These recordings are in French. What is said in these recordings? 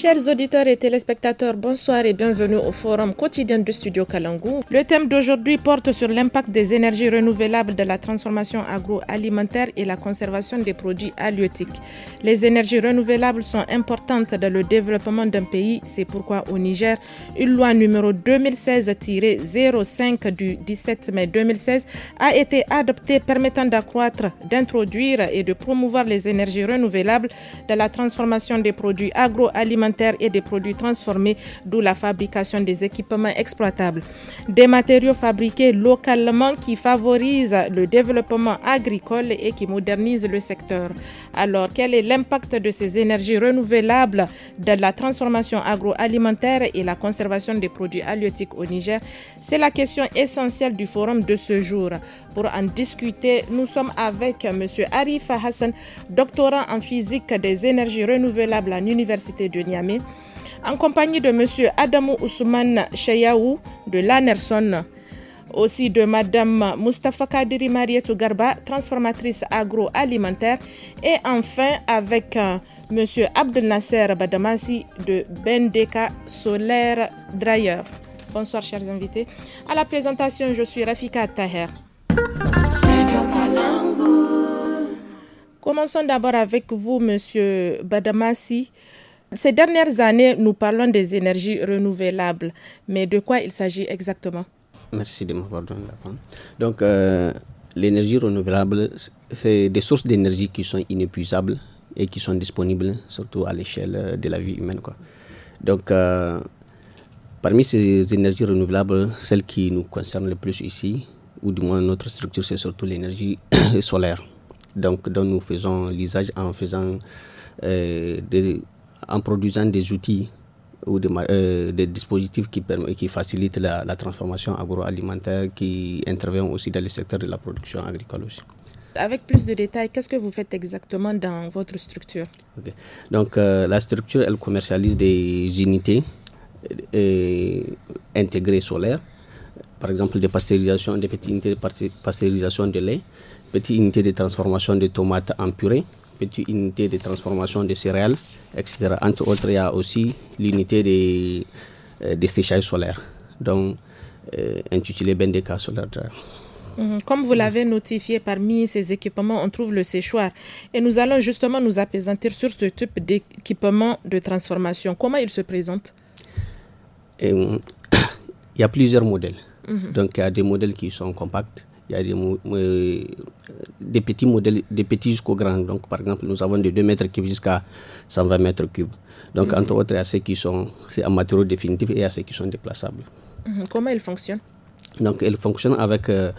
Chers auditeurs et téléspectateurs, bonsoir et bienvenue au forum quotidien de studio Kalangou. Le thème d'aujourd'hui porte sur l'impact des énergies renouvelables de la transformation agroalimentaire et la conservation des produits halieutiques. Les énergies renouvelables sont importantes dans le développement d'un pays, c'est pourquoi au Niger, une loi numéro 2016-05 du 17 mai 2016 a été adoptée permettant d'accroître, d'introduire et de promouvoir les énergies renouvelables de la transformation des produits agroalimentaires et des produits transformés, d'où la fabrication des équipements exploitables. Des matériaux fabriqués localement qui favorisent le développement agricole et qui modernisent le secteur. Alors, quel est l'impact de ces énergies renouvelables dans la transformation agroalimentaire et la conservation des produits halieutiques au Niger C'est la question essentielle du forum de ce jour. Pour en discuter, nous sommes avec M. Arif Hassan, doctorant en physique des énergies renouvelables à l'Université de Niamey en compagnie de M. Adamou Ousmane Cheyaou de l'Anerson, aussi de Mme Mustafa Kadiri Marietou Garba, transformatrice agroalimentaire, et enfin avec euh, M. Abdel Nasser Badamasi de Bendeka Solaire Dryer. Bonsoir chers invités. À la présentation, je suis Rafika Taher. Commençons d'abord avec vous, Monsieur Badamasi. Ces dernières années, nous parlons des énergies renouvelables, mais de quoi il s'agit exactement Merci de m'avoir donné la parole. Donc, euh, l'énergie renouvelable, c'est des sources d'énergie qui sont inépuisables et qui sont disponibles, surtout à l'échelle euh, de la vie humaine. Quoi. Donc, euh, parmi ces énergies renouvelables, celle qui nous concerne le plus ici, ou du moins notre structure, c'est surtout l'énergie solaire. Donc, dont nous faisons l'usage en faisant des en produisant des outils ou des, euh, des dispositifs qui, qui facilitent la, transformation agroalimentaire qui interviennent aussi dans le secteur de la production agricole Avec plus de détails, qu'est-ce que vous faites exactement dans votre structure Donc euh, la structure, elle commercialise des unités euh, intégrées solaires, par exemple des pasteurisations, des petites unités de pasteurisation de lait, petites unités de transformation de tomates en purée, petite unité de transformation de céréales, etc. Entre autres, il y a aussi l'unité de, euh, séchage solaire, donc euh, intitulée Bendeka Solar mhm. Comme vous l'avez notifié, parmi ces équipements, on trouve le séchoir. Et nous allons justement nous appesantir sur ce type d'équipement de transformation. Comment il se présente euh, Il y a plusieurs modèles. Mhm. Donc, il y a des modèles qui sont compacts, il y a des, petits modèles, des petits jusqu'aux grands. Donc, par exemple, nous avons de 2 mètres cubes jusqu'à 120 mètres cubes. Donc, entre autres, il y a ceux qui sont en matériaux définitifs et à ceux qui sont déplaçables. Mhm. Comment ils fonctionnent Donc, ils fonctionnent avec. Euh,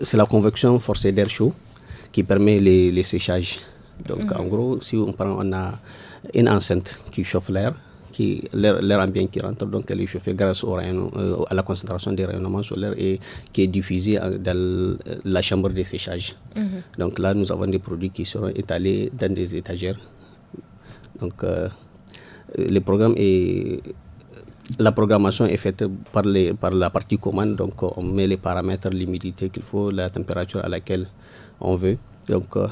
c'est la convection forcée d'air chaud qui permet les, les séchages. Donc, mhm. en gros, si on prend, on a une enceinte qui chauffe l'air qui, l'air, l'air ambiant qui rentre, donc elle est chauffée grâce au euh, à la concentration des rayonnements solaires et qui est diffusée dans la chambre de séchage. Mhm. Donc là, nous avons des produits qui seront étalés dans des étagères. Donc euh, le programme est la programmation est faite par, les, par la partie commande, donc on met les paramètres, l'humidité qu'il faut, la température à laquelle on veut. Donc, euh,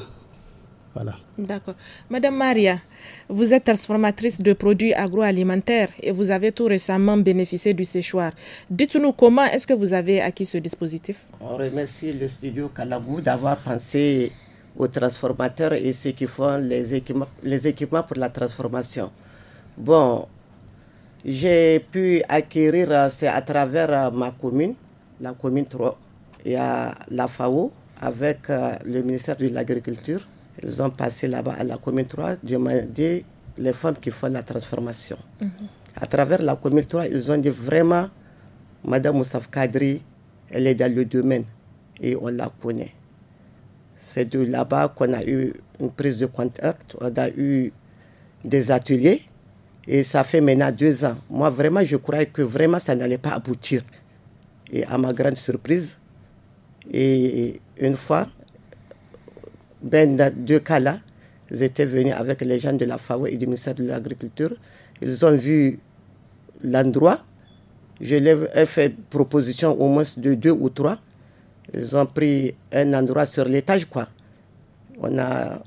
voilà. D'accord. Madame Maria, vous êtes transformatrice de produits agroalimentaires et vous avez tout récemment bénéficié du séchoir. Dites-nous comment est-ce que vous avez acquis ce dispositif On remercie le studio Calabou d'avoir pensé aux transformateurs et ceux qui font les équipements, les équipements pour la transformation. Bon, j'ai pu acquérir, c'est à travers euh, ma commune, la commune 3, et à la FAO, avec euh, le ministère de l'Agriculture ils ont passé là-bas à la commune 3, demandé les femmes qui font la transformation. Mhm. À travers la commune 3, ils ont dit vraiment, Madame Moussaf Kadri, elle est dans le domaine et on la connaît. C'est de là-bas qu'on a eu une prise de contact, on a eu des ateliers et ça fait maintenant deux ans. Moi, vraiment, je croyais que vraiment ça n'allait pas aboutir. Et à ma grande surprise, et une fois, ben, dans deux cas-là, ils étaient venus avec les gens de la FAO et du ministère de l'Agriculture. Ils ont vu l'endroit. Je leur ai fait proposition au moins de deux ou trois. Ils ont pris un endroit sur l'étage, quoi. On a,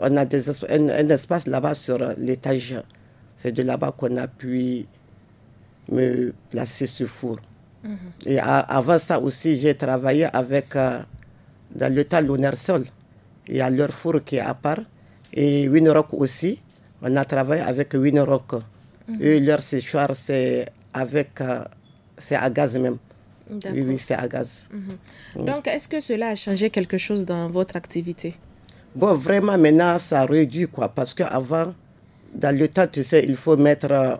on a un, espace là-bas sur l'étage. C'est de là-bas qu'on a pu me placer ce four. Mhm. Et avant ça aussi, j'ai travaillé avec euh, dans le lunar sol. Il y a leur four qui est à part. Et Winrock aussi, on a travaillé avec Winrock. Mhm. et leur séchoir, c'est avec, euh, c'est à gaz même. Oui, c'est à gaz. Mhm. Donc, est-ce que cela a changé quelque chose dans votre activité Bon, vraiment, maintenant, ça réduit, quoi. Parce qu'avant, dans le tas tu sais, il faut mettre euh,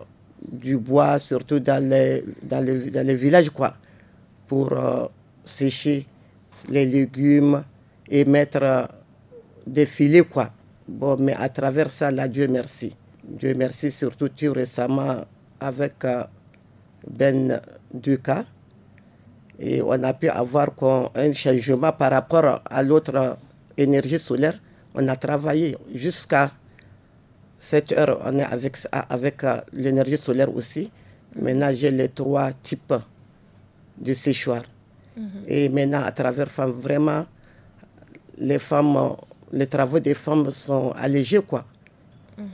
du bois, surtout dans les, dans dans villages, quoi, pour euh, sécher les légumes et mettre euh, des filets, quoi. Bon, mais à travers ça, là, Dieu merci. Dieu merci, surtout tout récemment avec euh, Ben Duca. Et on a pu avoir un changement par rapport à l'autre euh, énergie solaire. On a travaillé jusqu'à cette heure. On est avec, avec l'énergie solaire aussi. Maintenant, j'ai les trois types de séchoirs. Mhm. Et maintenant, à travers femmes, vraiment, les femmes, les travaux des femmes sont allégés, quoi. Mhm.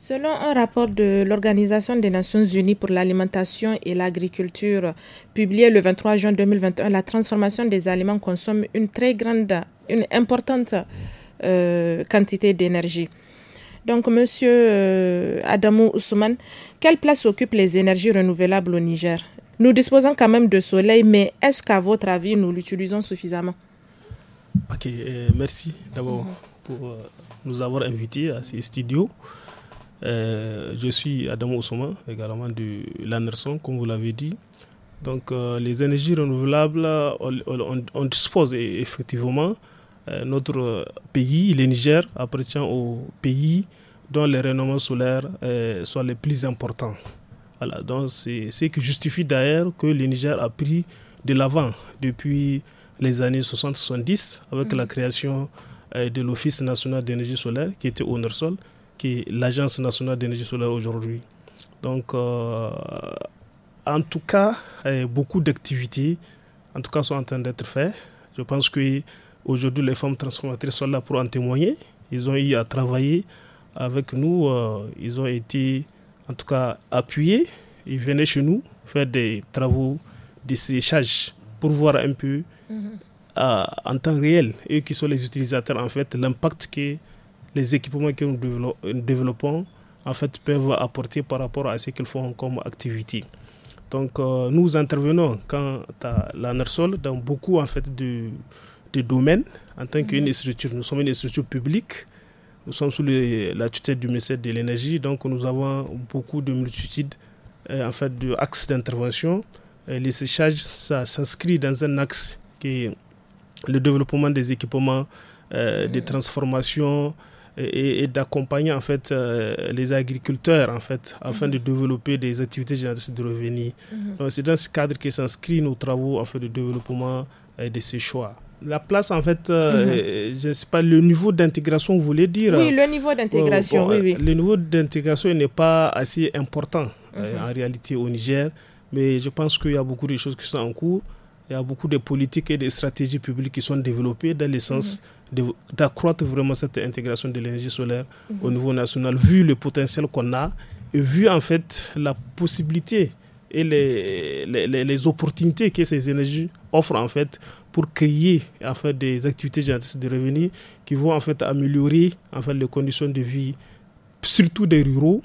Selon un rapport de l'Organisation des Nations Unies pour l'alimentation et l'agriculture, publié le 23 juin 2021, la transformation des aliments consomme une très grande, une importante euh, quantité d'énergie. Donc, Monsieur euh, Adamou Ousmane, quelle place occupent les énergies renouvelables au Niger nous disposons quand même de soleil, mais est-ce qu'à votre avis, nous l'utilisons suffisamment Ok, euh, merci d'abord mhm. pour euh, nous avoir invités à ces studios. Euh, je suis Adam Ousoma, également de l'Anderson, comme vous l'avez dit. Donc les énergies renouvelables, on, dispose e-, effectivement. notre pays, le Niger, appartient aux pays dont les rayonnements solaires sont les plus importants. Voilà, donc c'est ce qui justifie d'ailleurs que le Niger a pris de l'avant depuis les années 60-70 avec la mhm. création euh, de l'Office national d'énergie solaire qui était au qui est l'Agence nationale d'énergie solaire aujourd'hui. Donc, euh, en tout cas, euh, beaucoup d'activités, en tout cas, sont en train d'être faites. Je pense que aujourd'hui, les femmes transformatrices sont là pour en témoigner. Ils ont eu à travailler avec nous. ils ont été en tout cas appuyer Ils venaient chez nous faire des travaux de séchage pour voir un peu mm-hmm. euh, en temps réel, eux qui sont les utilisateurs, en fait, l'impact que les équipements que nous euh, développons en fait, peuvent apporter par rapport à ce qu'ils font comme activité. Donc, euh, nous intervenons quand à la NERSOL dans beaucoup en fait, de, domaines en tant mm-hmm. qu'une structure. Nous sommes une structure publique nous sommes sous la tutelle du ministère de l'Énergie, donc nous avons beaucoup de multitudes euh, en fait, d'axes d'intervention. Euh, les séchages, ça s'inscrit dans un axe qui est le développement des équipements, euh, des transformations et, d'accompagner en fait les agriculteurs en fait afin de développer des activités génératrices de revenus. Mhm. c'est dans ce cadre que s'inscrivent nos travaux en fait de développement des de la place, en fait, euh, mhm. je ne sais pas, le niveau d'intégration, vous voulez dire Oui, le niveau d'intégration, oui, oui. Le niveau d'intégration n'est pas assez important euh, mhm. en réalité au Niger, mais je pense qu'il y a beaucoup de choses qui sont en cours. Il y a beaucoup de politiques et de stratégies publiques qui sont développées dans le sens mhm. d'accroître vraiment cette intégration de l'énergie solaire au niveau national, vu le potentiel qu'on a et vu en fait la possibilité et les, les, les, les opportunités que ces énergies offrent en fait pour créer en des activités de revenus qui vont en fait, améliorer en fait, les conditions de vie, surtout des ruraux,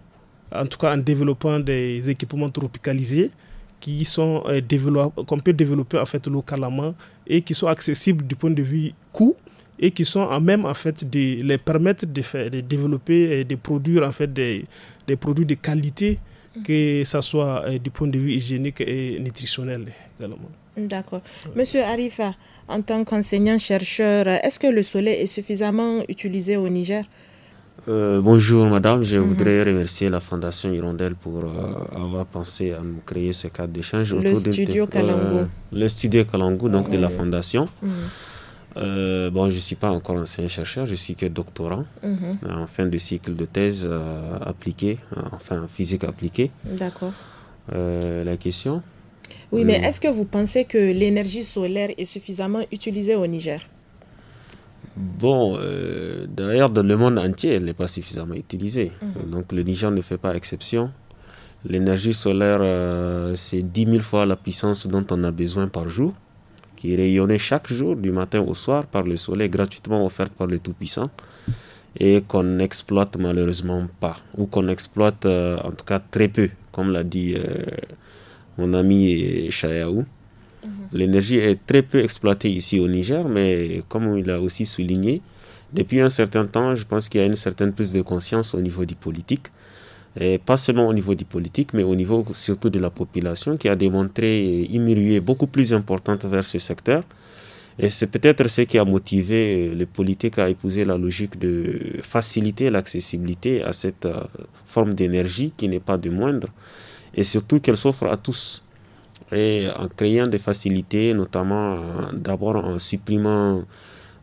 en tout cas en développant des équipements tropicalisés qui sont euh, qu'on peut développer en fait localement et qui sont accessibles du point de vue coût et qui sont en même en fait de les permettre de faire de développer et euh, de produire en fait des, des produits de qualité mm. que ça soit euh, du point de vue hygiénique et nutritionnel également. D'accord. Monsieur Arifa, en tant qu'enseignant-chercheur, est-ce que le soleil est suffisamment utilisé au Niger euh, bonjour madame, je mhm. voudrais remercier la Fondation Hirondelle pour euh, avoir pensé à nous créer ce cadre d'échange autour euh, le studio de, le studio Kalangu, donc de la Fondation. Mhm. bon, je ne suis pas encore ancien chercheur, je suis que doctorant mhm. en fin de cycle de thèse appliquée, enfin physique appliquée. D'accord. la question oui, mais hmm. est-ce que vous pensez que l'énergie solaire est suffisamment utilisée au Niger Bon, d'ailleurs, dans le monde entier, elle n'est pas suffisamment utilisée. Mhm. Donc, le Niger ne fait pas exception. L'énergie solaire, euh, c'est 10 000 fois la puissance dont on a besoin par jour, qui est rayonnée chaque jour, du matin au soir, par le soleil, gratuitement offerte par le Tout-Puissant, et qu'on n'exploite malheureusement pas, ou qu'on exploite euh, en tout cas très peu, comme l'a dit euh, mon ami Chayaou. Mhm. L'énergie est très peu exploitée ici au Niger, mais comme il a aussi souligné, depuis un certain temps, je pense qu'il y a une certaine prise de conscience au niveau du politique, et pas seulement au niveau du politique, mais au niveau surtout de la population qui a démontré une ruée beaucoup plus importante vers ce secteur. Et c'est peut-être ce qui a motivé les politiques à épouser la logique de faciliter l'accessibilité à cette euh, forme d'énergie qui n'est pas de moindre et surtout qu'elle s'offre à tous. Et en créant des facilités, notamment euh, d'abord en supprimant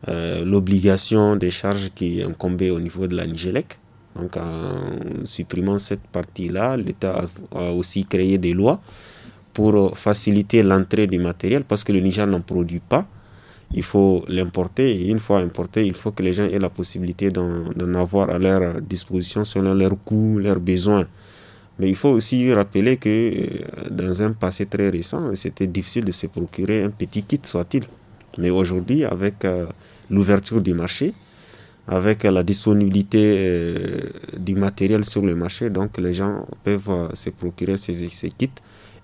euh, l'obligation des charges qui incombaient au niveau de la Nigelec. Donc en supprimant cette partie-là, l'État a aussi créé des lois pour euh, faciliter l'entrée du matériel parce que le Niger n'en produit pas. Il faut l'importer et une fois importé, il faut que les gens aient la possibilité d'en avoir à leur disposition selon leurs coûts, leurs besoins. Mais il faut aussi rappeler que euh, dans un passé très récent, c'était difficile de se procurer un petit kit, soit-il. Mais aujourd'hui, avec euh, l'ouverture du marché, avec euh, la disponibilité du matériel sur le marché, donc les gens peuvent se procurer ces, ces, kits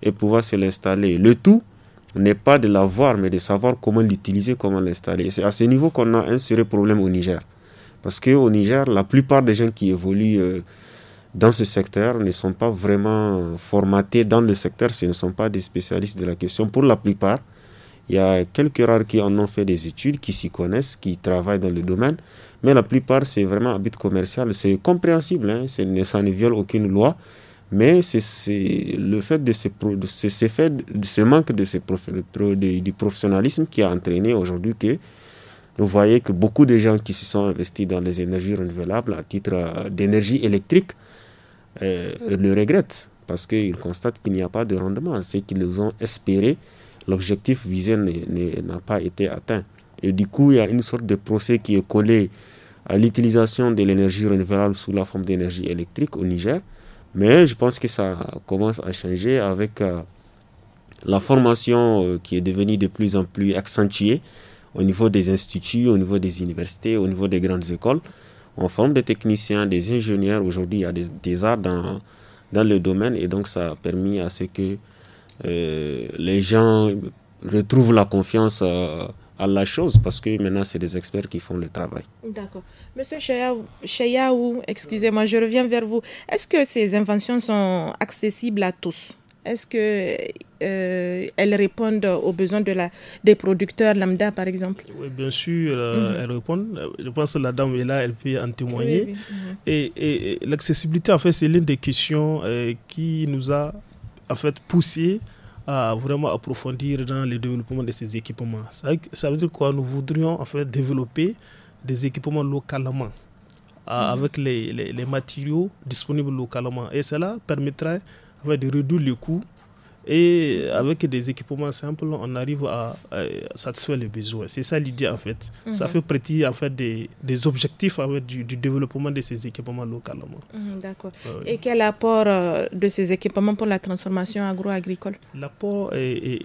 et pouvoir se l'installer. Le tout n'est pas de l'avoir, mais de savoir comment l'utiliser, comment l'installer. C'est à ce niveau qu'on a un sérieux problème au Niger. Parce qu'au Niger, la plupart des gens qui évoluent dans ce secteur ne sont pas vraiment formatés dans le secteur, ce ne sont pas des spécialistes de la question. Pour la plupart, il y a quelques rares qui en ont fait des études, qui s'y connaissent, qui travaillent dans le domaine, mais la plupart, c'est vraiment à but commercial. C'est compréhensible, hein, ça ne viole aucune loi, mais c'est le fait de ce, ce manque de du professionnalisme qui a entraîné aujourd'hui que vous voyez que beaucoup de gens qui se sont investis dans les énergies renouvelables à titre euh, d'énergie électrique, euh, le regrettent parce qu'ils constatent qu'il n'y a pas de rendement. Ce qu'ils ont espéré, l'objectif visé n'a pas été atteint. Et du coup, il y a une sorte de procès qui est collé à l'utilisation de l'énergie renouvelable sous la forme d'énergie électrique au Niger. Mais je pense que ça commence à changer avec euh, la formation euh, qui est devenue de plus en plus accentuée au niveau des instituts, au niveau des universités, au niveau des grandes écoles on forme des techniciens, des ingénieurs. Aujourd'hui, il y a des, arts dans, le domaine et donc ça a permis à ce que euh, les gens retrouvent la confiance euh, à la chose parce que maintenant, c'est des experts qui font le travail. D'accord. Monsieur Cheyaou, excusez-moi, je reviens vers vous. Est-ce que ces inventions sont accessibles à tous Est-ce que euh, elles répondent aux besoins de la, des producteurs lambda, par exemple Oui, bien sûr, euh, mhm. elles répondent. Je pense que la dame est là, elle peut en témoigner. Mhm. Et, l'accessibilité, en fait, c'est l'une des questions euh, qui nous a en fait, poussé à vraiment approfondir dans le développement de ces équipements. Ça, veut dire quoi Nous voudrions en fait développer des équipements localement. Mhm. avec les, matériaux disponibles localement. Et cela permettrait de réduire les coûts et avec des équipements simples, on arrive à, satisfaire les besoins. C'est ça l'idée en fait. Ça mhm. fait partie en fait des, des objectifs en du, développement de ces équipements localement. Mhm, d'accord. Ah Et quel apport euh, de ces équipements pour la transformation agro-agricole L'apport est,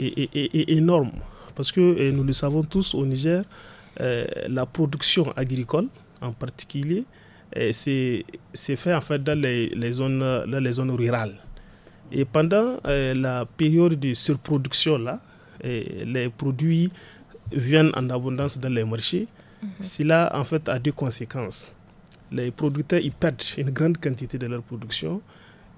énorme parce que euh, nous le savons tous au Niger, euh, la production agricole en particulier, c'est fait en fait dans les, les zones, dans les zones rurales. Et pendant euh, la période de surproduction, là, euh, les produits viennent en abondance dans les marchés. Mhm. Cela, en fait, a deux conséquences. Les producteurs ils perdent une grande quantité de leur production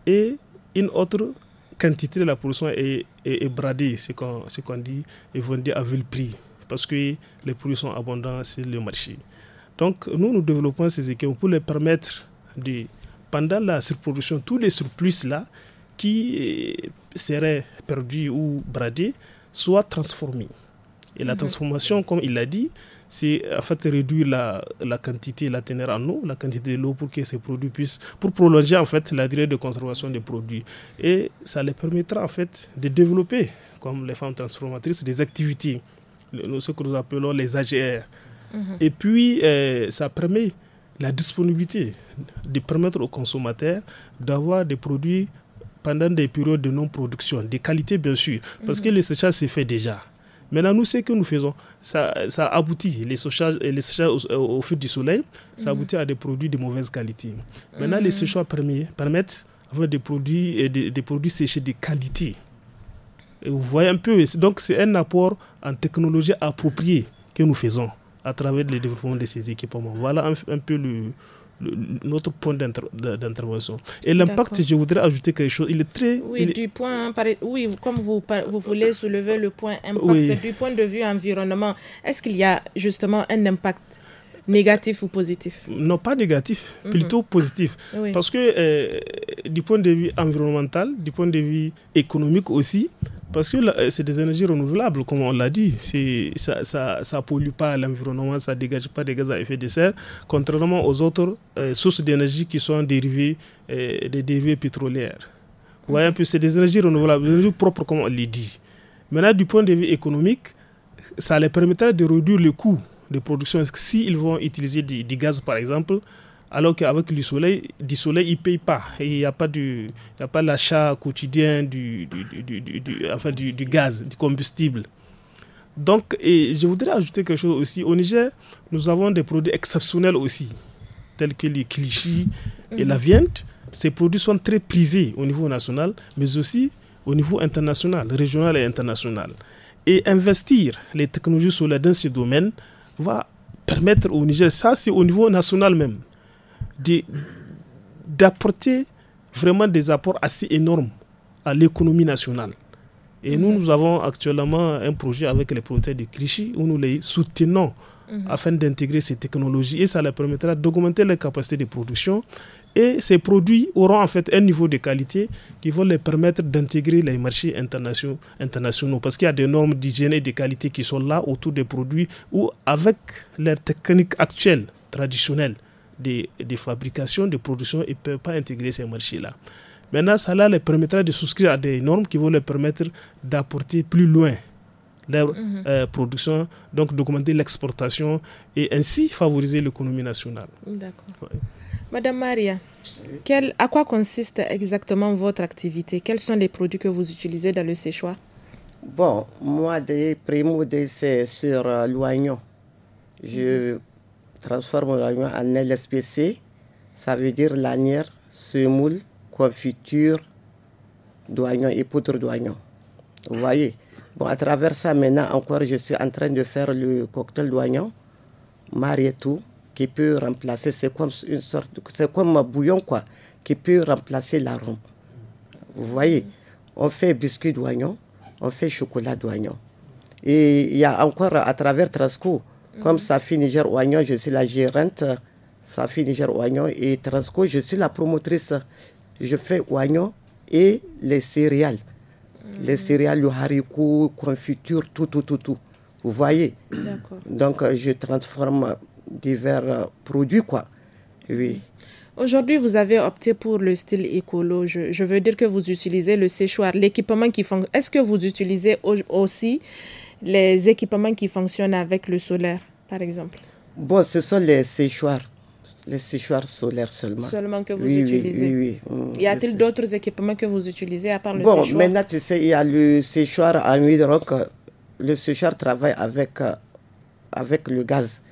et une autre quantité de la production est, est, est bradée, ce qu'on dit, et vendue à vil prix, parce que les produits sont abondants sur le marché. Donc, nous, nous développons ces équipes pour les permettre de, pendant la surproduction, tous les surplus là, qui serait perdu ou bradé soit transformé. Et la transformation, comme il l'a dit, c'est en fait réduire la, la, quantité, la teneur en eau, la quantité de l'eau pour que ces produits puissent, pour prolonger en fait la durée de conservation des produits. Et ça les permettra en fait de développer, comme les femmes transformatrices, des activités, ce que nous appelons les AGR. Mhm. Et puis, euh, ça permet la disponibilité, de permettre aux consommateurs d'avoir des produits pendant des périodes de non-production, des qualités bien sûr, parce que mhm. le séchage s'est fait déjà. Maintenant, nous, ce que nous faisons, ça, ça aboutit, les séchage les séchages au, au, feu du soleil, ça mhm. aboutit à des produits de mauvaise qualité. Maintenant, les mhm. séchages permettent d'avoir des produits, euh, des, produits séchés de qualité. vous voyez un peu, donc c'est un apport en technologie appropriée que nous faisons à travers le développement de ces équipements. Voilà un peu le, notre point d'intervention. Et l'impact, je voudrais ajouter quelque chose. Il est très. Oui, du point, oui comme vous, vous voulez soulever le point impact, du point de vue environnement, est-ce qu'il y a justement un impact Négatif ou positif Non, pas négatif, mhm. plutôt positif. Parce que euh, du point de vue environnemental, du point de vue économique aussi, parce que euh, c'est des énergies renouvelables, comme on l'a dit. Ça ne ça, ça pollue pas l'environnement, ça ne dégage pas des gaz à effet de serre, contrairement aux autres euh, sources d'énergie qui sont dérivées des dérivés pétrolières. voyez c'est des énergies renouvelables, des énergies propres, comme on l'a dit. Maintenant, du point de vue économique, ça les permettrait de réduire le coût de production, s'ils vont utiliser du, gaz par exemple, alors qu'avec le soleil, du soleil, ils ne payent pas. Il n'y a pas, du, pas l'achat quotidien du, du, du, enfin, du, gaz, du combustible. Donc, et je voudrais ajouter quelque chose aussi. Au Niger, nous avons des produits exceptionnels aussi, tels que les clichés et la mhm. viande. Ces produits sont très prisés au niveau national, mais aussi au niveau international, régional et international. Et investir les technologies solaires dans ce domaine, va permettre au Niger, ça c'est au niveau national même, d'apporter vraiment des apports assez énormes à l'économie nationale. Et nous, mhm. nous avons actuellement un projet avec les producteurs de Clichy où nous les soutenons mhm. afin d'intégrer ces technologies et ça leur permettra d'augmenter les capacités de production et ces produits auront en fait un niveau de qualité qui vont les permettre d'intégrer les marchés internationaux, parce qu'il y a des normes d'hygiène et de qualité qui sont là autour des produits ou avec les techniques actuelles, traditionnelles de fabrication, fabrications, de production, ils ne peuvent pas intégrer ces marchés-là. Maintenant, cela les permettra de souscrire à des normes qui vont leur permettre d'apporter plus loin leur mhm. euh, production, donc d'augmenter l'exportation et ainsi favoriser l'économie nationale. D'accord. Madame Maria, quel, à quoi consiste exactement votre activité Quels sont les produits que vous utilisez dans le séchoir Bon, moi, des primo, c'est sur euh, l'oignon. Je transforme l'oignon en LSPC. Ça veut dire lanière, semoule, confiture d'oignon et poudre d'oignon. Vous voyez Bon, à travers ça, maintenant encore, je suis en train de faire le cocktail d'oignon, marié tout qui peut remplacer, c'est comme une sorte, c'est comme un bouillon quoi, qui peut remplacer l'arôme. Vous voyez, on fait biscuit d'oignon, on fait chocolat d'oignon. Et il y a encore à travers Transco, comme Safi Niger Oignon, je suis la gérante, Safi Niger Oignon et Transco, je suis la promotrice. Je fais oignon et les céréales. Les céréales, le haricot, confiture, tout, tout, tout, tout. Vous voyez Donc, je transforme divers euh, produits. Quoi. Oui. Aujourd'hui, vous avez opté pour le style écolo. Je, veux dire que vous utilisez le séchoir, l'équipement qui fonctionne. Est-ce que vous utilisez aussi les équipements qui fonctionnent avec le solaire, par exemple Bon, ce sont les séchoirs. Les séchoirs solaires seulement. Seulement que vous utilisez. Oui, oui, mm, Y a-t-il d'autres équipements que vous utilisez à part le séchoir Bon, maintenant, tu sais, il y a le séchoir à donc Le séchoir travaille avec, euh, avec le gaz.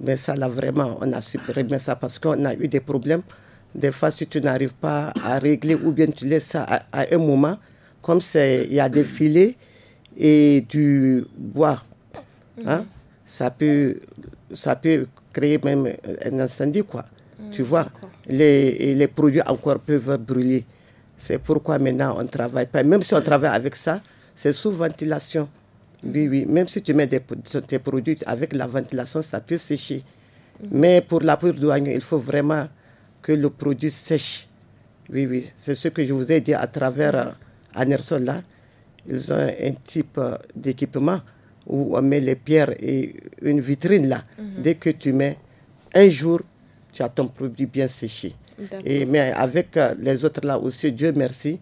Mais ça, là, vraiment, on a supprimé ça parce qu'on a eu des problèmes. Des fois, si tu n'arrives pas à régler ou bien tu laisses ça à, un moment, comme il y a des filets et du bois, hein, mhm. ça, peut, ça peut créer même un incendie, quoi. Mhm, tu vois, les, les produits encore peuvent brûler. C'est pourquoi maintenant on ne travaille pas. Même si on mhm. travaille avec ça, c'est sous ventilation. Oui, oui. Même si tu mets tes produits avec la ventilation, ça peut sécher. Mais pour la poudre d'oignon, il faut vraiment que le produit sèche. Oui, oui. C'est ce que je vous ai dit à travers Anerson euh, là. Ils ont un type euh, d'équipement où on met les pierres et une vitrine là. Mhm. Dès que tu mets un jour, tu as ton produit bien séché. Et, mais avec euh, les autres là aussi, Dieu merci,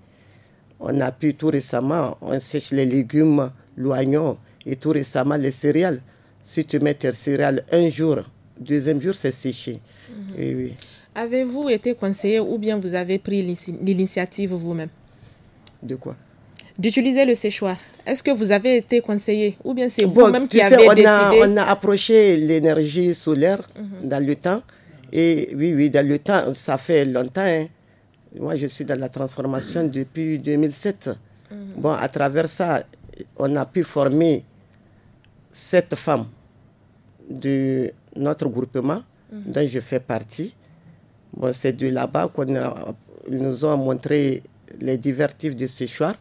on a pu tout récemment, on sèche les légumes l'oignon et tout récemment les céréales. Si tu mets tes céréales un jour, deuxième jour, c'est séché. Mhm. Avez-vous été conseillé ou bien vous avez pris l'initiative vous-même De quoi D'utiliser le séchoir. Est-ce que vous avez été conseillé ou bien c'est vous-même qui avez on décidé a, On a approché l'énergie solaire mhm. dans le temps. Et oui, oui, dans le temps, ça fait longtemps. Hein. Moi, je suis dans la transformation depuis 2007. Mhm. Bon, à travers ça, on a pu former cette femme de notre groupement mhm. dont je fais partie. Bon, c'est de là-bas qu'on nous ont montré les divertifs de séchoir.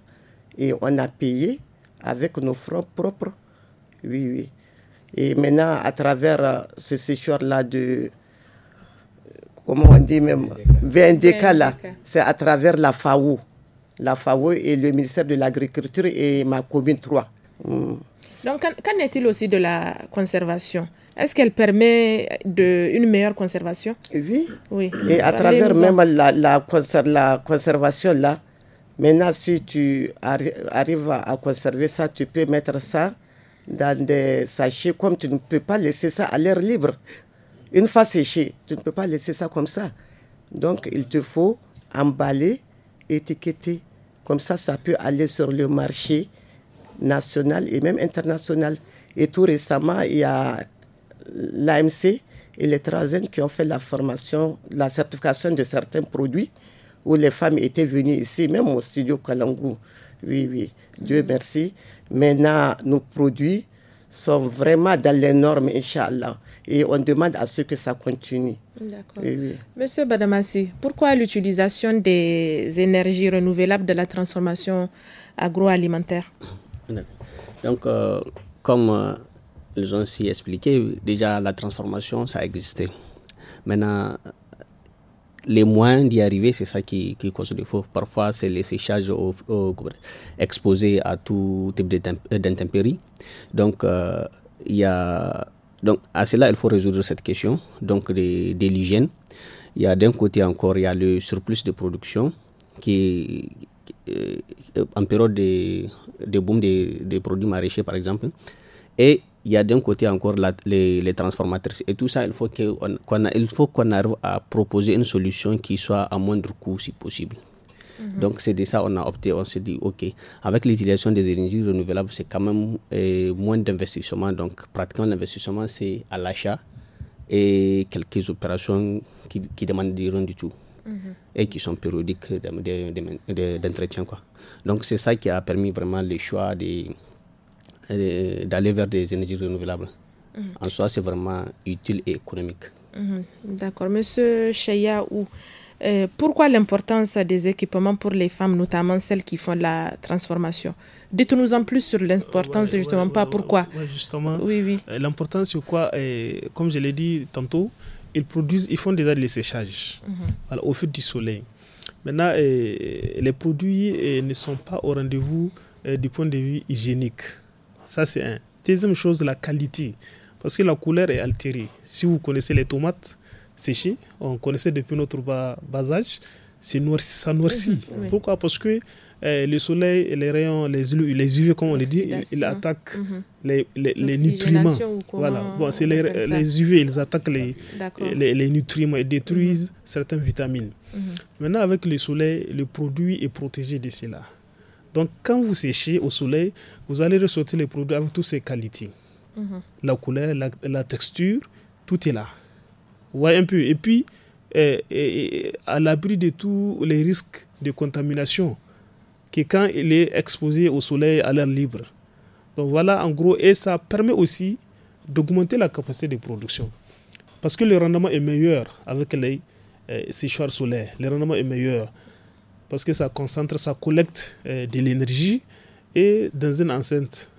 et on a payé avec nos francs propres. Oui, oui. Et maintenant, à travers euh, ce séchoir-là de. Comment on dit même BNDK, c'est à travers la FAO la FAO et le ministère de l'Agriculture et ma commune 3. Mm. Donc, qu'en est-il aussi de la conservation Est-ce qu'elle permet de, une meilleure conservation Oui. oui. Et à travers même la, la, la, conservation, là, maintenant, si tu arrives à conserver ça, tu peux mettre ça dans des sachets comme tu ne peux pas laisser ça à l'air libre. Une fois séché, tu ne peux pas laisser ça comme ça. Donc, il te faut emballer, étiqueter comme ça, ça peut aller sur le marché national et même international. Et tout récemment, il y a l'AMC et les Trazen qui ont fait la formation, la certification de certains produits où les femmes étaient venues ici, même au studio Kalangu. Oui, oui, Dieu mhm. merci. Maintenant, nos produits sont vraiment dans les normes, Inch'Allah et on demande à ce que ça continue. D'accord. Monsieur Badamassi, pourquoi l'utilisation des énergies renouvelables de la transformation agroalimentaire Donc, euh, comme euh, ils aussi expliqué, déjà la transformation, ça existait. Maintenant, les moyens d'y arriver, c'est ça qui, qui cause faux. Parfois, c'est les séchages exposés à tout type d'intempéries. Donc, euh, il y a donc à cela, il faut résoudre cette question donc de, l'hygiène. Il y a d'un côté encore, il y le surplus de production qui, euh, en période de, de boom des, produits maraîchers, par exemple. Et il y a d'un côté encore les, transformateurs, Et tout ça, il faut qu'on arrive à proposer une solution qui soit à moindre coût si possible. Mhm. Donc, c'est de ça qu'on a opté. On s'est dit, OK, avec l'utilisation des énergies renouvelables, c'est quand même eh, moins d'investissement. Donc, pratiquement, l'investissement, c'est à l'achat et quelques opérations qui, qui demandent rien du tout. Mhm. et qui sont périodiques d'entretien. De, Donc c'est ça qui a permis vraiment le choix d'aller vers des énergies renouvelables. Mhm. En soi, c'est vraiment utile et économique. D'accord. Monsieur Cheya ou euh, pourquoi l'importance des équipements pour les femmes, notamment celles qui font la transformation Dites-nous en plus sur l'importance, justement, pas pourquoi. justement. Oui, oui. Euh, l'importance, c'est quoi euh, Comme je l'ai dit tantôt, ils produisent, ils font déjà des séchages au -hmm. voilà, au feu du soleil. Maintenant, les produits ne sont pas au rendez-vous du point de vue hygiénique. Ça, c'est un. Deuxième chose, la qualité. Parce que la couleur est altérée. Si vous connaissez les tomates, sécher on connaissait depuis notre bas, âge, noir, ça noircit. Pourquoi Parce que eh, le soleil, les rayons, les, les UV, comme on le dit, ils, attaquent mhm. les, les, les nutriments. Voilà. Bon, c'est les, les, UV, ils attaquent les, les, nutriments et détruisent mhm. certaines vitamines. Mhm. Maintenant, avec le soleil, le produit est protégé de cela. Donc, quand vous séchez au soleil, vous allez ressortir les produits avec toutes ses qualités. La couleur, la, texture, tout est là un Et puis, euh, euh, euh, à l'abri de tous les risques de contamination, que quand il est exposé au soleil à l'air libre. Donc voilà, en gros, et ça permet aussi d'augmenter la capacité de production. Parce que le rendement est meilleur avec les séchoirs solaires. Le rendement est meilleur parce que ça concentre, ça collecte de l'énergie et dans une enceinte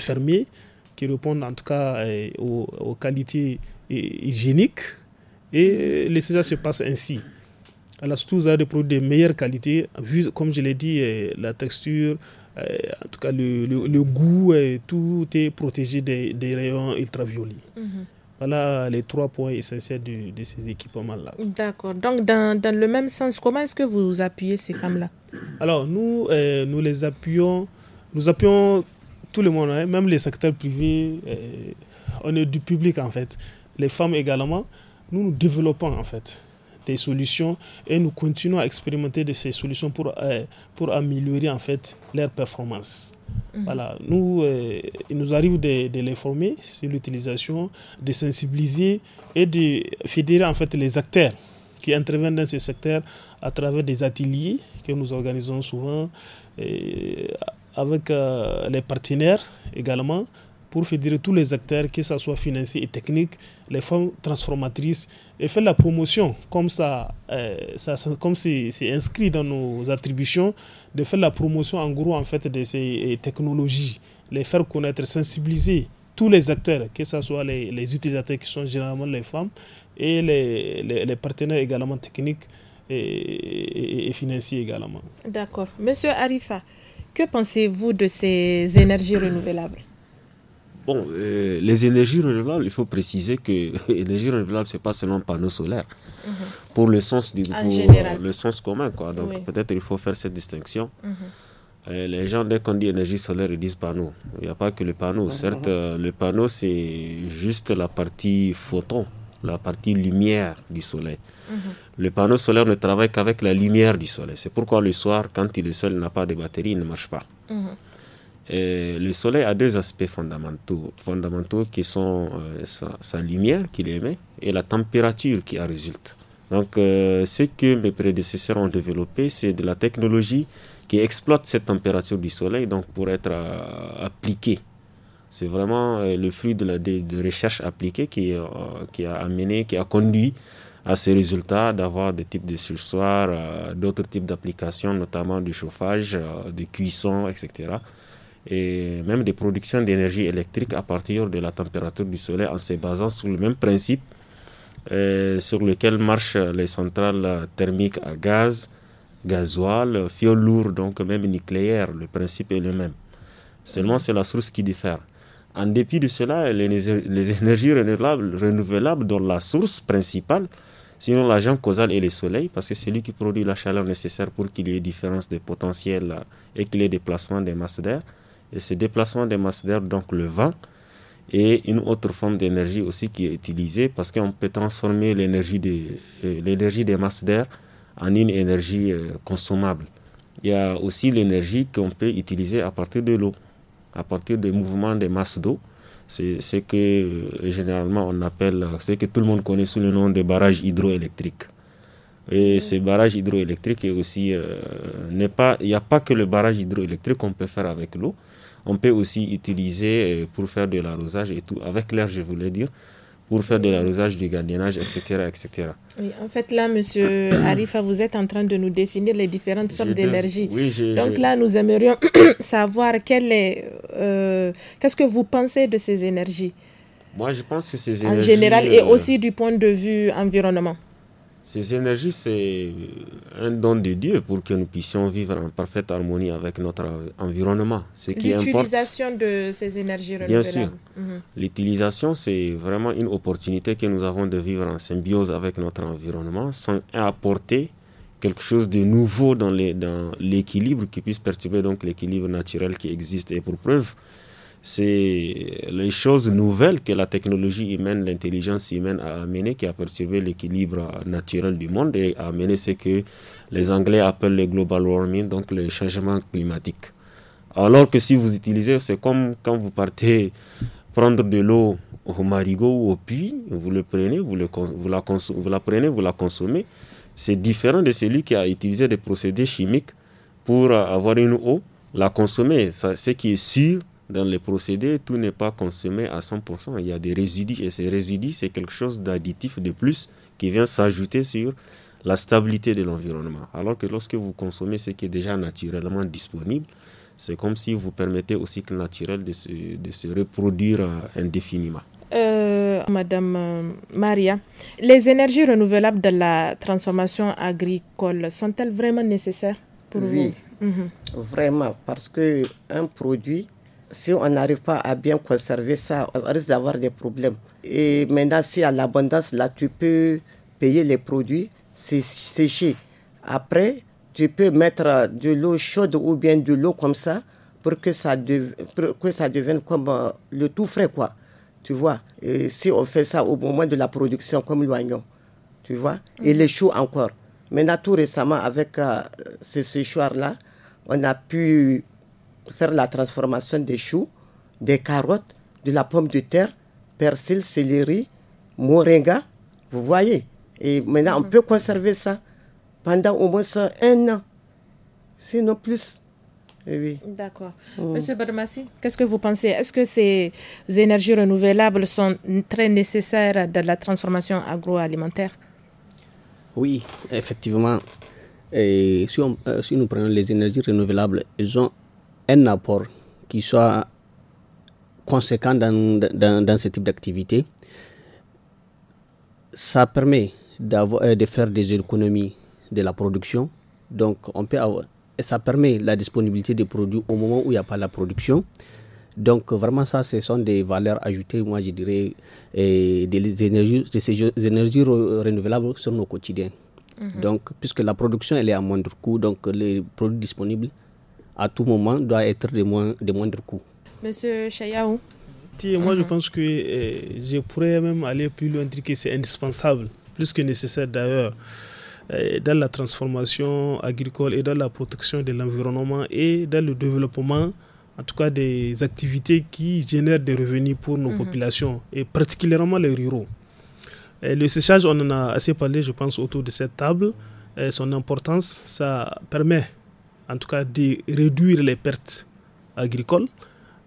fermée qui répond en tout cas aux, aux qualités hygiénique et les césars se passent ainsi. Alors la a des produits de meilleure qualité, vu, comme je l'ai dit, eh, la texture, eh, en tout cas le, le, goût, eh, tout est protégé des, des rayons ultraviolets. Mhm. Voilà les trois points essentiels de, de ces équipements-là. D'accord. Donc, dans, dans, le même sens, comment est-ce que vous appuyez ces femmes-là Alors, nous, nous les appuyons, nous appuyons tout le monde, hein, même les secteurs privés, on est du public en fait les femmes également, nous nous développons en fait des solutions et nous continuons à expérimenter de ces solutions pour, euh, pour améliorer en fait leur performance. Mhm. Voilà, nous, euh, il nous arrive de, de les former sur l'utilisation, de sensibiliser et de fédérer en fait les acteurs qui interviennent dans ce secteur à travers des ateliers que nous organisons souvent avec euh, les partenaires également pour fédérer tous les acteurs, que ce soit financiers et techniques, les femmes transformatrices, et faire la promotion, comme ça, euh, comme c'est inscrit dans nos attributions, de faire la promotion en gros en fait de ces euh, technologies, les faire connaître, sensibiliser tous les acteurs, que ce soit les, utilisateurs qui sont généralement les femmes et les, partenaires également techniques et, et financiers également. D'accord. Monsieur Arifa, que pensez-vous de ces énergies renouvelables Bon, euh, les énergies renouvelables, il faut préciser que énergie renouvelable, n'est pas seulement panneau solaire. Mhm. Pour le sens du le sens commun, quoi. Donc peut-être il faut faire cette distinction. Mhm. Euh, les gens, dès qu'on dit énergie solaire, ils disent panneau. Il n'y a pas que le panneau. Mhm. Certes, euh, le panneau, c'est juste la partie photon, la partie lumière du soleil. Le panneau solaire ne travaille qu'avec la lumière du soleil. C'est pourquoi le soir, quand il est seul, n'a pas de batterie, il ne marche pas le soleil a deux aspects fondamentaux, fondamentaux qui sont euh, sa, lumière qu'il émet et la température qui en résulte. Donc, euh, ce que mes prédécesseurs ont développé, c'est de la technologie qui exploite cette température du soleil donc pour être euh, appliquée. C'est vraiment le fruit de la recherche appliquée qui, a amené, qui a conduit à ces résultats d'avoir des types de sursoirs, d'autres types d'applications, notamment du chauffage, de cuisson, etc et même des productions d'énergie électrique à partir de la température du soleil en se basant sur le même principe euh, sur lequel marchent les centrales thermiques à gaz, gasoil, fioul lourd, donc même nucléaire. Le principe est le même. Seulement, c'est la source qui diffère. En dépit de cela, les, énergies renouvelables, renouvelables dont la source principale, sinon l'agent causal est le soleil, parce que c'est lui qui produit la chaleur nécessaire pour qu'il y ait différence de potentiel et qu'il y ait déplacement des masses d'air et ce déplacement des masses d'air, donc le vent, est une autre forme d'énergie aussi qui est utilisée parce qu'on peut transformer l'énergie des, euh, l'énergie des masses d'air en une énergie euh, consommable. Il y a aussi l'énergie qu'on peut utiliser à partir de l'eau, à partir des mouvements des masses d'eau. C'est ce que euh, généralement on appelle, ce que tout le monde connaît sous le nom de barrage hydroélectrique. Et ce barrage hydroélectrique est aussi, n'est pas, il n'y a pas que le barrage hydroélectrique qu'on peut faire avec l'eau. On peut aussi utiliser euh, pour faire de l'arrosage et tout, avec l'air, je voulais dire, pour faire de l'arrosage, du gardiennage, etc. etc. Oui, en fait, là, monsieur Arifa, vous êtes en train de nous définir les différentes sortes d'énergie. Donc là, nous aimerions savoir quelle est, euh, qu'est-ce que vous pensez de ces énergies. Moi, je pense que ces énergies. En général, et euh, aussi du point de vue environnement. Ces énergies, c'est un don de Dieu pour que nous puissions vivre en parfaite harmonie avec notre environnement. Ce qui L'utilisation de ces énergies renouvelables. Bien sûr. Mhm. L'utilisation, c'est vraiment une opportunité que nous avons de vivre en symbiose avec notre environnement sans apporter quelque chose de nouveau dans l'équilibre qui puisse perturber donc l'équilibre naturel qui existe. Et pour preuve, c'est les choses nouvelles que la technologie humaine, l'intelligence humaine a amené, qui a perturbé l'équilibre naturel du monde et a amené ce que les Anglais appellent le global warming, donc le changement climatique. Alors que si vous utilisez, c'est comme quand vous partez prendre de l'eau au marigot ou au puits, vous le prenez, vous, la, prenez, vous la consommez. C'est différent de celui qui a utilisé des procédés chimiques pour avoir une eau, la consommer. Ça, ce qui est sûr, dans les procédés, tout n'est pas consommé à 100%. Il y a des résidus et ces résidus, c'est quelque chose d'additif de plus qui vient s'ajouter sur la stabilité de l'environnement. Alors que lorsque vous consommez ce qui est déjà naturellement disponible, c'est comme si vous permettez au cycle naturel de se, reproduire euh, indéfiniment. Euh, madame euh, Maria, les énergies renouvelables de la transformation agricole sont-elles vraiment nécessaires pour oui, vous mhm. vraiment, parce que un produit si on n'arrive pas à bien conserver ça, on risque d'avoir des problèmes. Et maintenant, si à l'abondance, là, tu peux payer les produits c'est sécher. Après, tu peux mettre euh, de l'eau chaude ou bien de l'eau comme ça pour que ça, que devienne comme euh, le tout frais, quoi. Tu vois, et si on fait ça au moment de la production, comme l'oignon, tu vois, et les choux encore. Maintenant, tout récemment, avec euh, ce séchoir-là, on a pu faire la transformation des choux, des carottes, de la pomme de terre, persil, céleri, moringa, vous voyez. Et maintenant, on mm-hmm. peut conserver ça pendant au moins un an, sinon plus. Eh oui. D'accord. Mm. Monsieur Badmassi, qu'est-ce que vous pensez Est-ce que ces énergies renouvelables sont très nécessaires dans la transformation agroalimentaire Oui, effectivement. Et si, euh, si, nous prenons les énergies renouvelables, elles ont un apport qui soit conséquent dans, dans, ce type d'activité, ça permet euh, de faire des économies de la production. Donc, on peut avoir, et ça permet la disponibilité des produits au moment où il n'y a pas la production. Donc, vraiment, ça, ce sont des valeurs ajoutées, moi, je dirais, et des, énergies, de ces énergies renouvelables sur nos quotidiens. Mhm. Donc, puisque la production, elle est à moindre coût, donc les produits disponibles à tout moment doit être de, moins, de moindre coût. Monsieur Chayaou Moi, je pense que eh, je pourrais même aller plus loin, dire que c'est indispensable, plus que nécessaire d'ailleurs eh, dans la transformation agricole et dans la protection de l'environnement et dans le développement, en tout cas des activités qui génèrent des revenus pour nos mhm. populations et particulièrement les ruraux. Eh, le séchage, on en a assez parlé, je pense, autour de cette table. son importance, ça permet en tout cas de réduire les pertes agricoles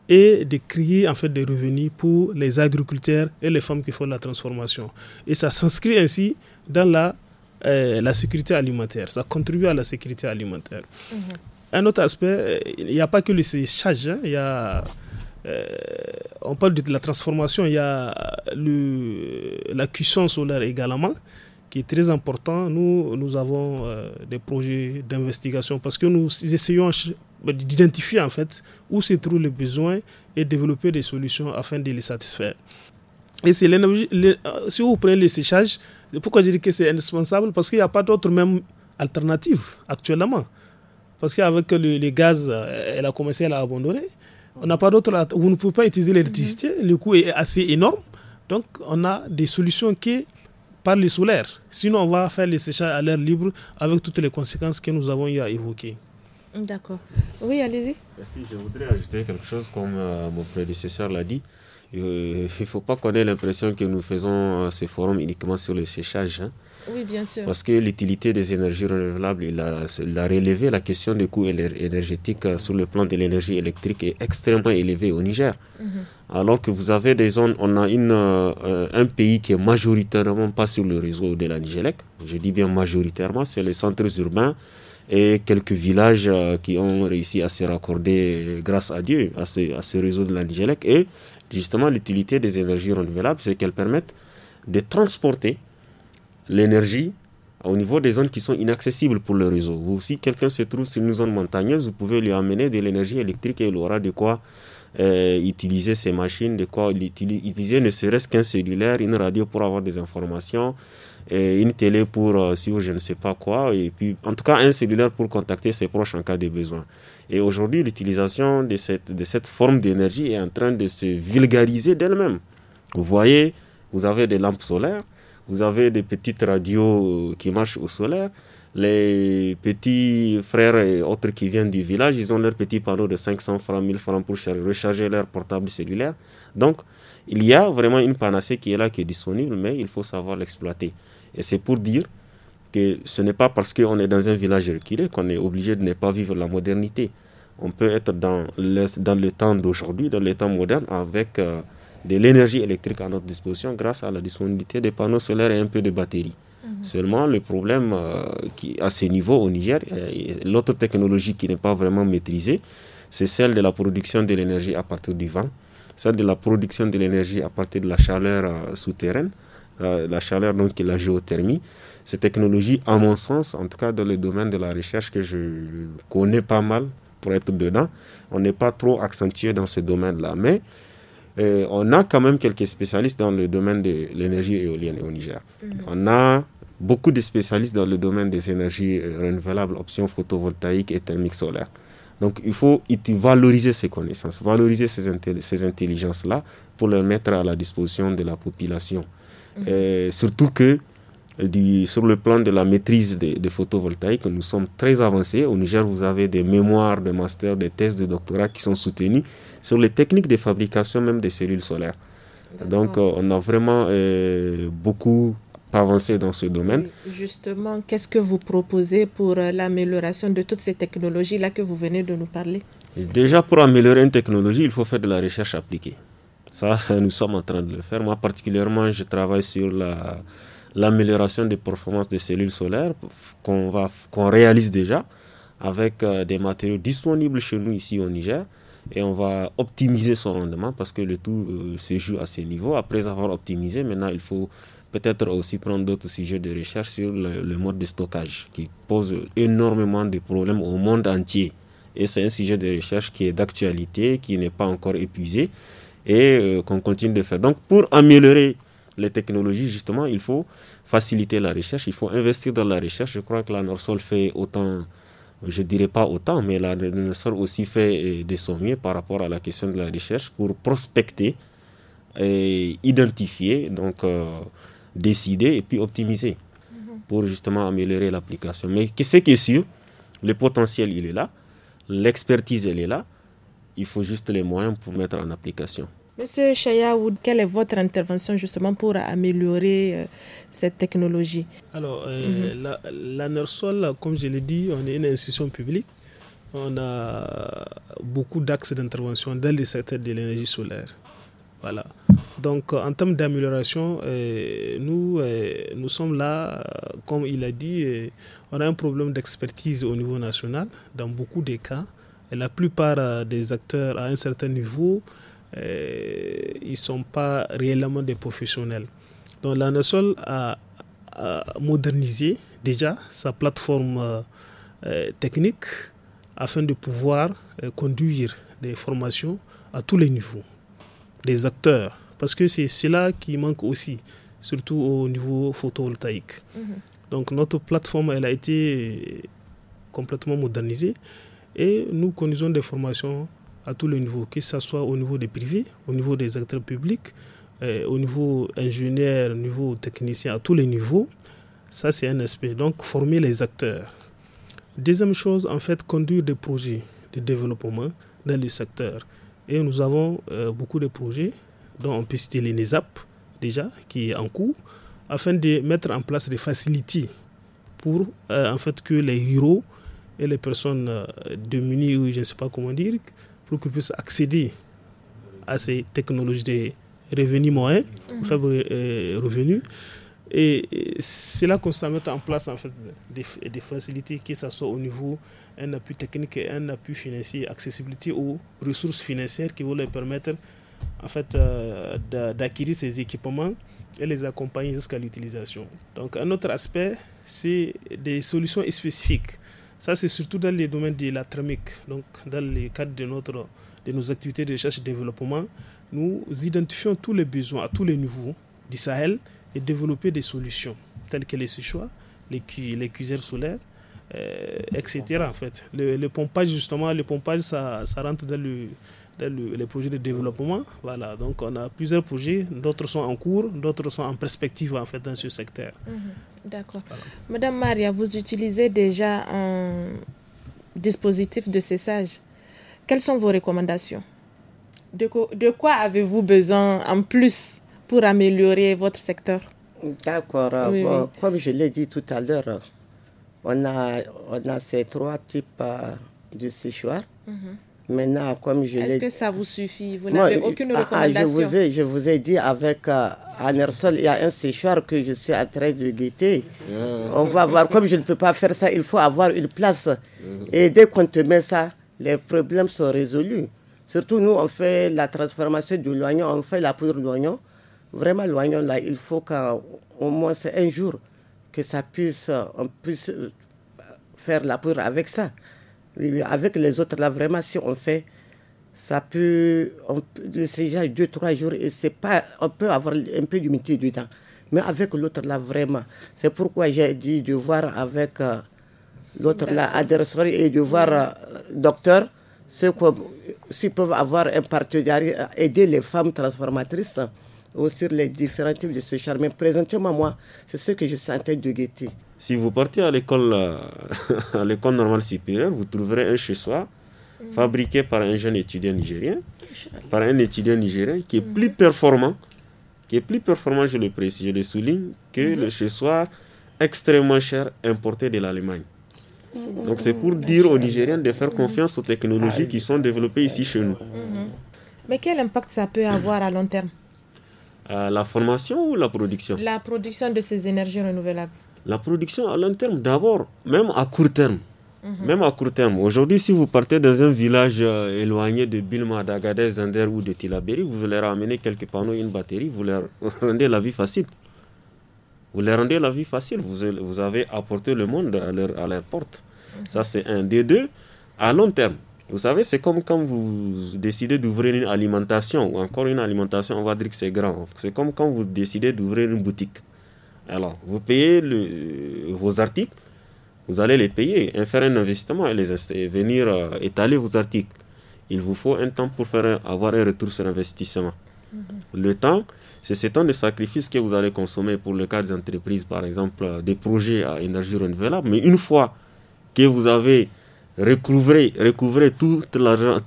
et de créer en fait des revenus pour les agriculteurs et les femmes qui font la transformation. Et ça s'inscrit ainsi dans la, euh, la sécurité alimentaire, ça contribue à la sécurité alimentaire. Mhm. Un autre aspect, il n'y a pas que le séchage, hein. il y a... Euh, on parle de la transformation, il y a le, la cuisson solaire également qui est très important. Nous, nous avons euh, des projets d'investigation parce que nous essayons bah, d'identifier en fait où se trouvent les besoins et développer des solutions afin de les satisfaire. Et c'est l'énergie, euh, si vous prenez le séchage, pourquoi je dis que c'est indispensable Parce qu'il n'y a pas d'autre même alternative actuellement. Parce qu'avec le, gaz, elle euh, a commencé à l'abandonner. On n'a pas d'autre. Vous ne pouvez pas utiliser l'électricité. Mm-hmm. Le coût est assez énorme. Donc, on a des solutions qui par le solaire. Sinon, on va faire les séchages à l'air libre avec toutes les conséquences que nous avons eu à évoquer. D'accord. Oui, allez-y. Merci. Je voudrais ajouter quelque chose, comme euh, mon prédécesseur l'a dit. Euh, il ne faut pas qu'on ait l'impression que nous faisons ce euh, ces forums uniquement sur le séchage. Hein. Oui, bien sûr. Parce que l'utilité des énergies renouvelables, il a, la question des coûts énergétiques euh, sur le plan de l'énergie électrique est extrêmement élevée au Niger. Mhm. Alors que vous avez des zones, on a une, euh, un pays qui est majoritairement pas sur le réseau de la Nigélec. Je dis bien majoritairement, c'est les centres urbains et quelques villages euh, qui ont réussi à se raccorder grâce à Dieu à ce, à ce réseau de la Nigélec. Et justement, l'utilité des énergies renouvelables, c'est qu'elles permettent de transporter l'énergie au niveau des zones qui sont inaccessibles pour le réseau. Vous, si quelqu'un se trouve sur une zone montagneuse, vous pouvez lui amener de l'énergie électrique et il aura de quoi euh, utiliser ses machines, de quoi utiliser ne serait-ce qu'un cellulaire, une radio pour avoir des informations, et euh, une télé pour euh, si je ne sais pas quoi, et puis en tout cas un cellulaire pour contacter ses proches en cas de besoin. Et aujourd'hui, l'utilisation de cette, de cette forme d'énergie est en train de se vulgariser d'elle-même. Vous voyez, vous avez des lampes solaires, vous avez des petites radios qui marchent au solaire. Les petits frères et autres qui viennent du village, ils ont leurs petits panneaux de 500 francs, 1000 francs pour recharger leur portable cellulaire. Donc, il y a vraiment une panacée qui est là, qui est disponible, mais il faut savoir l'exploiter. Et c'est pour dire que ce n'est pas parce qu'on est dans un village reculé qu'on est obligé de ne pas vivre la modernité. On peut être dans le, dans le temps d'aujourd'hui, dans le temps moderne, avec euh, de l'énergie électrique à notre disposition grâce à la disponibilité des panneaux solaires et un peu de batterie. Mhm. Seulement, le problème euh, qui, à ce niveau au Niger, euh, l'autre technologie qui n'est pas vraiment maîtrisée, c'est celle de la production de l'énergie à partir du vent, celle de la production de l'énergie à partir de la chaleur euh, souterraine, la chaleur donc la géothermie. Ces technologies, à mon sens, en tout cas dans le domaine de la recherche que je connais pas mal pour être dedans, on n'est pas trop accentué dans ce domaine-là. Mais euh, on a quand même quelques spécialistes dans le domaine de l'énergie éolienne au Niger. Mhm. On a beaucoup de spécialistes dans le domaine des énergies euh, renouvelables, options photovoltaïques et thermiques solaires. Donc il faut valoriser ces connaissances, valoriser ces, ces intelligences-là pour les mettre à la disposition de la population. Mhm. Euh, surtout que sur le plan de la maîtrise des, photovoltaïques, nous sommes très avancés. Au Niger, vous avez des mémoires de master, des thèses de doctorat qui sont soutenus sur les techniques de fabrication même des cellules solaires. Donc, euh, on a vraiment euh, beaucoup avancé dans ce domaine. Justement, qu'est-ce que vous proposez pour euh, l'amélioration de toutes ces technologies-là que vous venez de nous parler Déjà, pour améliorer une technologie, il faut faire de la recherche appliquée. Ça, nous sommes en train de le faire. Moi, particulièrement, je travaille sur la l'amélioration des performances des cellules solaires qu'on va qu'on réalise déjà avec euh, des matériaux disponibles chez nous ici au Niger et on va optimiser son rendement parce que le tout euh, se joue à ces niveaux. Après avoir optimisé, maintenant il faut peut-être aussi prendre d'autres sujets de recherche sur le, mode de stockage qui pose énormément de problèmes au monde entier. Et c'est un sujet de recherche qui est d'actualité, qui n'est pas encore épuisé et euh, qu'on continue de faire. Donc pour améliorer les technologies, justement, il faut faciliter la recherche, il faut investir dans la recherche. Je crois que la Norsol fait autant, je dirais pas autant, mais la Norsol aussi fait euh, de son mieux par rapport à la question de la recherche pour prospecter, et identifier, donc euh, décider et puis optimiser mhm. pour justement améliorer l'application. Mais ce qui est sûr, le potentiel, il est là, l'expertise, elle est là, il faut juste les moyens pour mettre en application. Monsieur Chayaoud, quelle est votre intervention justement pour améliorer euh, cette technologie Alors, euh, mhm. la, NERSOL, comme je l'ai dit, on est une institution publique. On a beaucoup d'axes d'intervention dans le secteur de l'énergie solaire. Voilà. Donc, en termes d'amélioration, euh, nous, nous sommes là, comme il a dit, on a un problème d'expertise au niveau national dans beaucoup des cas. la plupart des acteurs à un certain niveau euh, ils ne sont pas réellement des professionnels. Donc l'ANESOL a, modernisé déjà sa plateforme euh, euh, technique afin de pouvoir conduire des formations à tous les niveaux, des acteurs, parce que c'est cela qui manque aussi, surtout au niveau photovoltaïque. Mhm. Donc notre plateforme, elle a été complètement modernisée et nous conduisons des formations à tous les niveaux, que ce soit au niveau des privés, au niveau des acteurs publics, euh, au niveau ingénieur, au niveau technicien, à tous les niveaux. Ça, c'est un aspect. Donc, former les acteurs. Deuxième chose, en fait, conduire des projets de développement dans le secteur. Et nous avons euh, beaucoup de projets, dont on peut citer les NESAP, déjà, qui est en cours, afin de mettre en place des facilités pour, euh, en fait, que les héros et les personnes démunies, ou je ne sais pas comment dire, pour qu'ils puissent accéder à ces technologies de revenus moyens, mhm. faibles euh, revenus. Et c'est là qu'on s'en met en place en fait des, facilités, que ce soit au niveau un appui technique et un appui financier, accessibilité aux ressources financières qui vont leur permettre en fait euh, d'acquérir ces équipements et les accompagner jusqu'à l'utilisation. Donc un autre aspect, c'est des solutions spécifiques ça, c'est surtout dans les domaines de la thermique. donc dans le cadre de, notre, de nos activités de recherche et développement. Nous identifions tous les besoins à tous les niveaux du Sahel et développer des solutions telles que les séchoirs, les, cuisines solaires, euh, etc. En fait, le, pompage justement, le pompage ça, ça rentre dans le les projets de développement. Voilà, donc on a plusieurs projets, d'autres sont en cours, d'autres sont en perspective en fait dans ce secteur. Mhm. D'accord. Madame Maria, vous utilisez déjà un dispositif de cessage. Quelles sont vos recommandations de, quoi, avez-vous besoin en plus pour améliorer votre secteur D'accord. Comme je l'ai dit tout à l'heure, on a, on a ces trois types euh, de séchoirs. Mhm. Maintenant, comme je Est-ce que ça vous suffit Vous n'avez aucune recommandation ah, ah, je vous, ai, je vous ai dit avec euh, Anersol, il y a un séchoir que je suis en train de guetter. Ah. On va voir. Comme je ne peux pas faire ça, il faut avoir une place. Et dès qu'on te met ça, les problèmes sont résolus. Surtout nous, on fait la transformation du loignon, on fait la poudre loignon. Vraiment, loignon, là, il faut qu'au moins c'est un jour que ça puisse, euh, on puisse euh, faire la poudre avec ça. Avec les autres, là, vraiment, si on fait, ça peut. On, le deux, trois jours, et c'est pas. On peut avoir un peu d'humidité dedans. Mais avec l'autre, là, vraiment. C'est pourquoi j'ai dit de voir avec euh, l'autre, là, adresseur et de voir euh, docteur, ceux qui peuvent avoir un partenariat, euh, aider les femmes transformatrices hein, aussi les différents types de ce charme. Mais présentement, moi, c'est ce que je suis de guetter. Si vous partez à l'école, euh, à l'école normale supérieure, vous trouverez un chez soi mhm. fabriqué par un jeune étudiant nigérien, par un étudiant nigérien qui est plus performant, qui est plus performant, je le précise, je le souligne, que mhm. le chez soi extrêmement cher importé de l'Allemagne. Mhm. Donc c'est pour dire aux Nigériens de faire confiance aux technologies ah, qui sont développées ici chez nous. Mais quel impact ça peut avoir à long terme euh, La formation ou la production La production de ces énergies renouvelables la production à long terme d'abord, même à court terme. Mhm. Même à court terme. Aujourd'hui, si vous partez dans un village euh, éloigné de Bilma, d'Agadez, Zander ou de Tilaberi, vous leur ramener quelques panneaux, une batterie, vous leur rendez la vie facile. Vous leur rendez la vie facile. Vous, vous avez apporté le monde à leur, à porte. Mhm. Ça, c'est un. Des deux, à long terme. Vous savez, c'est comme quand vous décidez d'ouvrir une alimentation, ou encore une alimentation, on va dire que c'est grand. C'est comme quand vous décidez d'ouvrir une boutique. Alors, vous payez vos articles, vous allez les payer, faire un investissement et, les, venir euh, étaler vos articles. Il vous faut un temps pour faire avoir un retour sur investissement. Mhm. Le temps, c'est ce temps de sacrifice que vous allez consommer pour le cas des entreprises, par exemple, euh, des projets à énergie renouvelable. Mais une fois que vous avez recouvré, recouvré toute,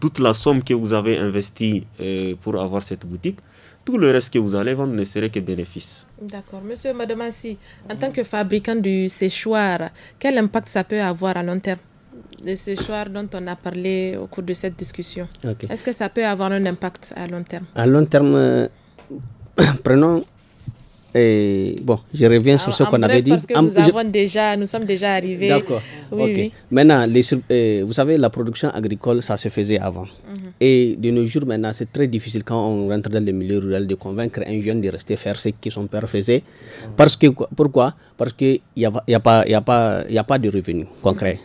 toute, la, somme que vous avez investie euh, pour avoir cette boutique, tout le reste que vous allez vendre ne serait que bénéfice. D'accord. Monsieur, madame en tant que fabricant du séchoir, quel impact ça peut avoir à long terme le séchoir dont on a parlé au cours de cette discussion Est-ce que ça peut avoir un impact à long terme À long terme, euh, prenons et bon, je reviens sur ce ah, qu'on avait dit. nous, déjà, nous sommes déjà arrivés. D'accord. Maintenant, euh, vous savez, la production agricole, ça se faisait avant. Mhm. Et de nos jours, maintenant, c'est très difficile quand on rentre dans le milieu rural de convaincre un jeune de rester faire ce que son père faisait. Parce que, pourquoi Parce qu'il n'y a, y a, pas, a, pas, a pas de revenus concrets.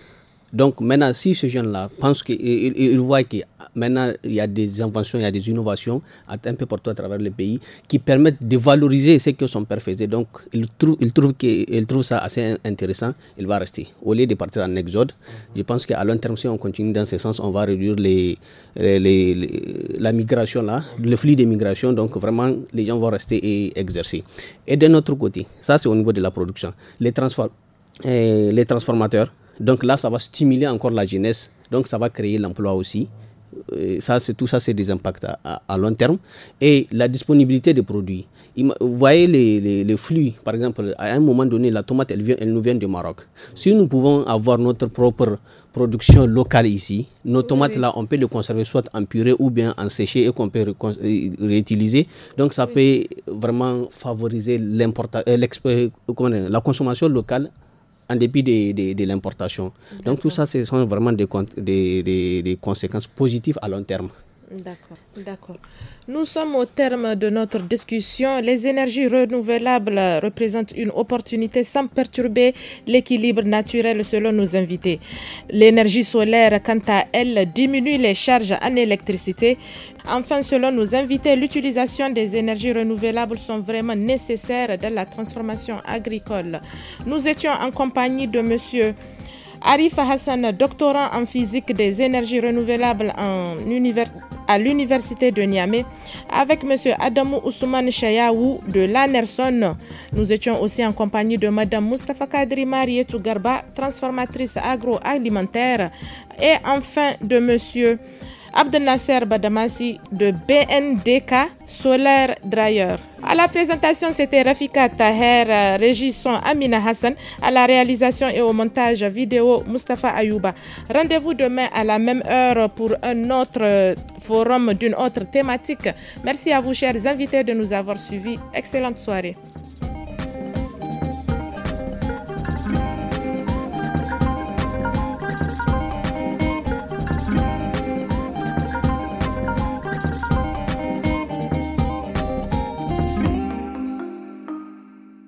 Donc maintenant, si ce jeune-là pense qu'il il, voit que maintenant il y a des inventions, il y a des innovations un peu partout à travers le pays qui permettent de valoriser ce que son père faisait. Donc il trouve, il trouve, ça assez intéressant, il va rester. Au lieu de partir en exode, je pense qu'à long terme, si on continue dans ce sens, on va réduire la migration là, le flux des migrations. Donc vraiment, les gens vont rester et exercer. Et d'un autre côté, ça c'est au niveau de la production. Les, eh, les transformateurs donc là, ça va stimuler encore la jeunesse. Donc ça va créer l'emploi aussi. Euh, ça, c'est tout ça, c'est des impacts à, long terme. Et la disponibilité des produits. Vous voyez les, flux, par exemple, à un moment donné, la tomate, elle, vient, elle nous vient du Maroc. Si nous pouvons avoir notre propre production locale ici, nos tomates là, on peut les conserver soit en purée ou bien en séché et qu'on peut euh, réutiliser. Donc ça peut vraiment favoriser euh, la consommation locale en dépit de, l'importation. Donc tout ça, ce sont vraiment des conséquences positives à long terme. D'accord, d'accord. Nous sommes au terme de notre discussion. Les énergies renouvelables représentent une opportunité sans perturber l'équilibre naturel selon nos invités. L'énergie solaire, quant à elle, diminue les charges en électricité. Enfin, selon nos invités, l'utilisation des énergies renouvelables sont vraiment nécessaires dans la transformation agricole. Nous étions en compagnie de monsieur Arif Hassan, doctorant en physique des énergies renouvelables à l'université de Niamey, avec M. Adamou Ousmane Chayaou de l'Anerson. Nous étions aussi en compagnie de Mme Mustafa Kadri Marietou Garba, transformatrice agroalimentaire, et enfin de Monsieur Abdel Nasser Badamasi de BNDK Solar Dryer. À la présentation, c'était Rafika Taher, régissant Amina Hassan, à la réalisation et au montage vidéo Mustafa Ayouba. Rendez-vous demain à la même heure pour un autre euh, forum d'une autre thématique. Merci à vous, chers invités, de nous avoir suivis. Excellente soirée.